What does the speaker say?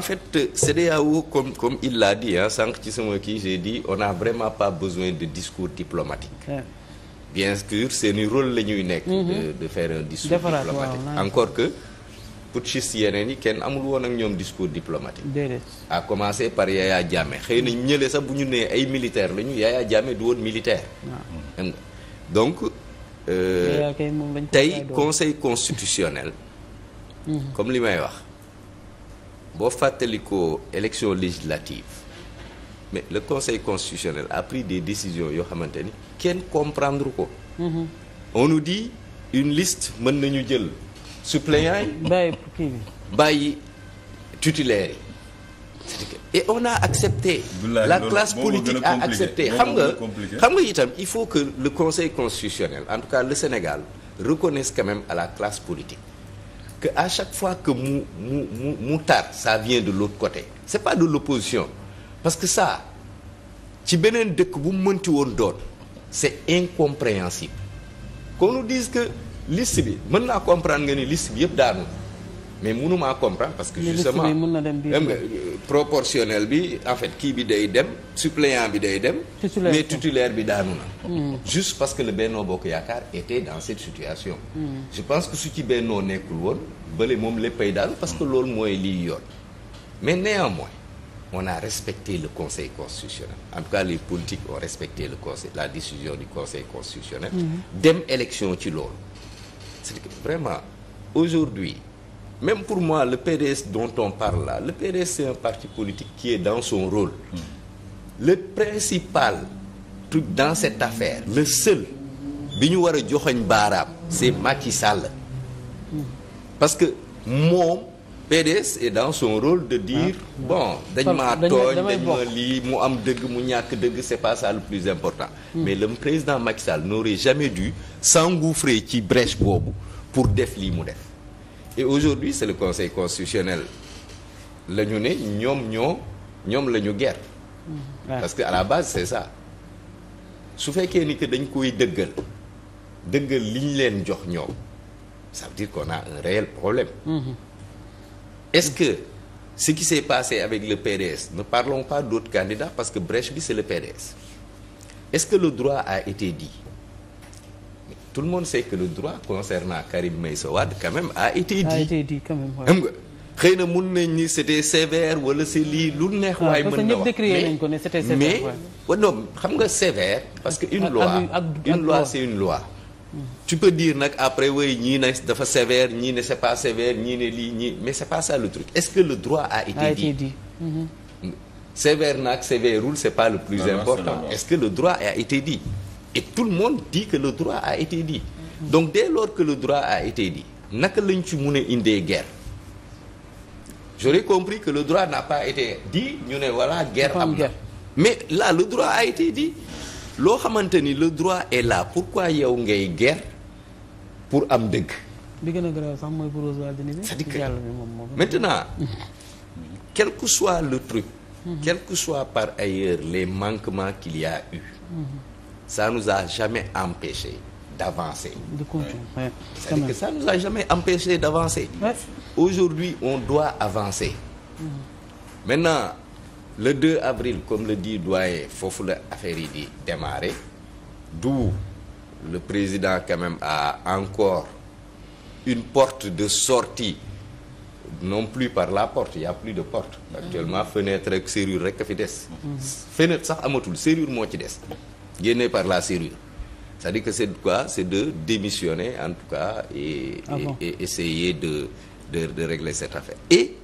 en fait euh, CEDEAO comme comme il l'a dit ah sànq ci sama kii j'ai dit on a vraiment pas besoin de discours diplomatique. bien sûr seeni rôle la ñuy nekk. Mhm. de de faire un discours diplomatique encore que. putschistes yeneen yi kenn amul woon ak ñoom discours diplomatique. a à commencer par Yaya Jammeh xëy nañ ñële sax bu ñu nee ay militaire la ñu Yaya Jammeh du woon militaire. waaw donc. Euh, tey conseil constitutionnel. Mhm. comme li may wax. boo fàttalikoo élection législative mais le conseil constitutionnel a pris des décisions yoo xamante ni kenn comprendre ko. Mhm. on nous dit une liste mën nañu jël suppléants yi. bàyyi kii bàyyi titulaires yi. et on a accepté la classe politique a accepté xam nga xam nga itam il faut que le conseil constitutionnel en tout cas le Sénégal reconnaisse quand même à la classe politique que à chaque fois que mu mu mu mu tar ça vient de l'autre côté c'est pas de l'opposition parce que ça ci beneen dëkk bu mu mënti woon doon c'est incompréhensible qu'on nous dise que list bi mën naa comprendre nga ni list bi yëpp daanu mais mënumaa comprendre parce que justement proportionnel bi en fait kii bi day dem suppléant bi day dem mais titulaire bi daanu na hmm. juste parce que le Benno Bokk Yaakaar était dans cette situation hmm. je pense que su ci Benno nekkul woon bële moom léppay daanu parce que loolu mooy lii yoon mais néanmoins on a respecter le Conseil constitutionnel en tout cas les politiques ont respecté le conseil la décision du Conseil constitutionnel hmm. dem élection ci loolu c'est que vraiment aujourd'hui même pour moi le PDS dont on parle la le PDS c'est un parti politique qui est dans son rôle hmm. le principal truc dans cette affaire le seul bi ñu war a joxoñ baaraam c'est Macky Sall parce que moom PDS est dans son rôle de dire ah. bon dañ maa tooñ dañ ma lii mu am dëgg mu ñàkk dëgg c'est pas ça le plus important mm. mais le président Macky Sall n'aurait jamais dû s'engouffrer ci brèche boobu pour def lii mu def et aujourd'hui c'est le conseil constitutionnel la ne ñoom ñoo ñoom la ñu guerre mm-hmm. parce que à la base c'est ça su fekkee ni que dañ koy dëggal dëggal li ñu leen jox ñoom ça veut dire qu'on a un réel problème mm-hmm. est-ce que ce qui s'est passé avec le PDS ne parlons pas d'autres candidats parce que brèche bi c'est le PDS est-ce que le droit a été dit tout le monde sait que le droit concernant Karim Meïssa Wade quand même a été dit. a xëy na mun nañ ni c'était sévère wala c'est lii lu neex. Ah, waaye mën na wax mais mais non xam nga sévère. parce que une loi une loi c'est une loi. Mm. tu peux dire nag après way ñii ne dafa sévère ñii ne c'est pas sévère ñii ne lii ñii mais c'est pas ça le truc est-ce que le droit a été dit a été dit. Mm-hmm. sévère nag c'est pas le plus important est que le droit et tout le monde dit que le droit a été dit donc dès lors que le droit a été dit naka lañ ci mun a indee guerre j'aurais compris que le droit n'a pas été dit ñu ne voilà guerre am na mais la le droit a été dit loo xamante ni le droit et là pourquoi yow ngay guerre pour am dëgg bi gën a grave sax mooy pour c'est-à-dire que maintenant quel que soit le truc mhm. quel que soit par ailleurs les manquements qu'il y ça nous a jamais empêché d'avancer. De continuer. Ouais. C'est-à-dire que ça nous a jamais empêché d'avancer. Aujourd'hui, on doit avancer. Mm. Maintenant, le 2 avril, comme le dit doyen, foofu la affaire yi di démarrer d'où le président quand même a encore une porte de sortie non plus par la porte il plus de porte mm. actuellement fenêtre ak serrure rek a fi des mm. fenêtre sax amatul serrure moo ci des génné par la serrure. C'est-à-dire que c'est quoi C'est de démissionner en tout cas et, ah de, de, de régler cette affaire. Et